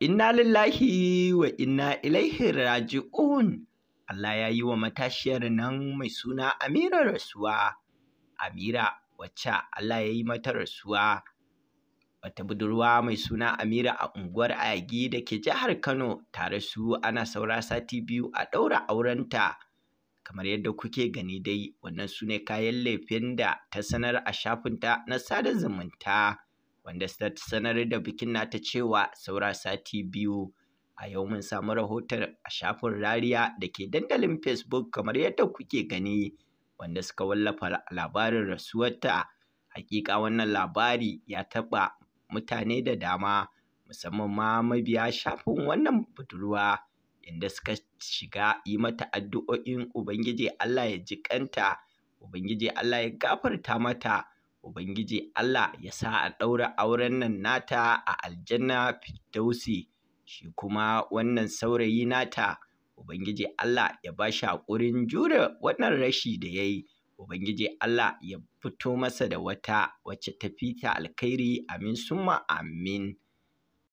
Inna lillahi wa inna ilaihi raji'un. Allah ya yi wa matashiyar nan mai suna Amira rasuwa. Amira wacce Allah ya yi mata rasuwa. Wata budurwa mai suna Amira a unguwar Ayagi da ke jihar Kano tare su ana saura sati biyu a ɗaura aurenta. Kamar yadda kuke gani dai wannan su ne kayan laifin da ta sanar a shafinta na sada zumunta. wanda ta sanar da bikin nata cewa saura sati biyu a yau mun samu rahoton a shafin rariya da ke dandalin facebook kamar yadda kuke gani wanda suka wallafa labarin rasuwarta hakika wannan labari ya taɓa mutane da dama musamman ma mabiya shafin wannan budurwa inda suka shiga yi mata addu'o'in ubangiji allah ya ji kanta ubangiji allah ya gafarta mata Ubangiji Allah ya sa a ɗaura auren nan nata a aljanna fitausi shi kuma wannan saurayi nata, Ubangiji Allah ya ba shi haƙurin jure wannan rashi da ya yi, Ubangiji Allah ya fito masa da wata wacce ta fita alkhairi amin summa amin.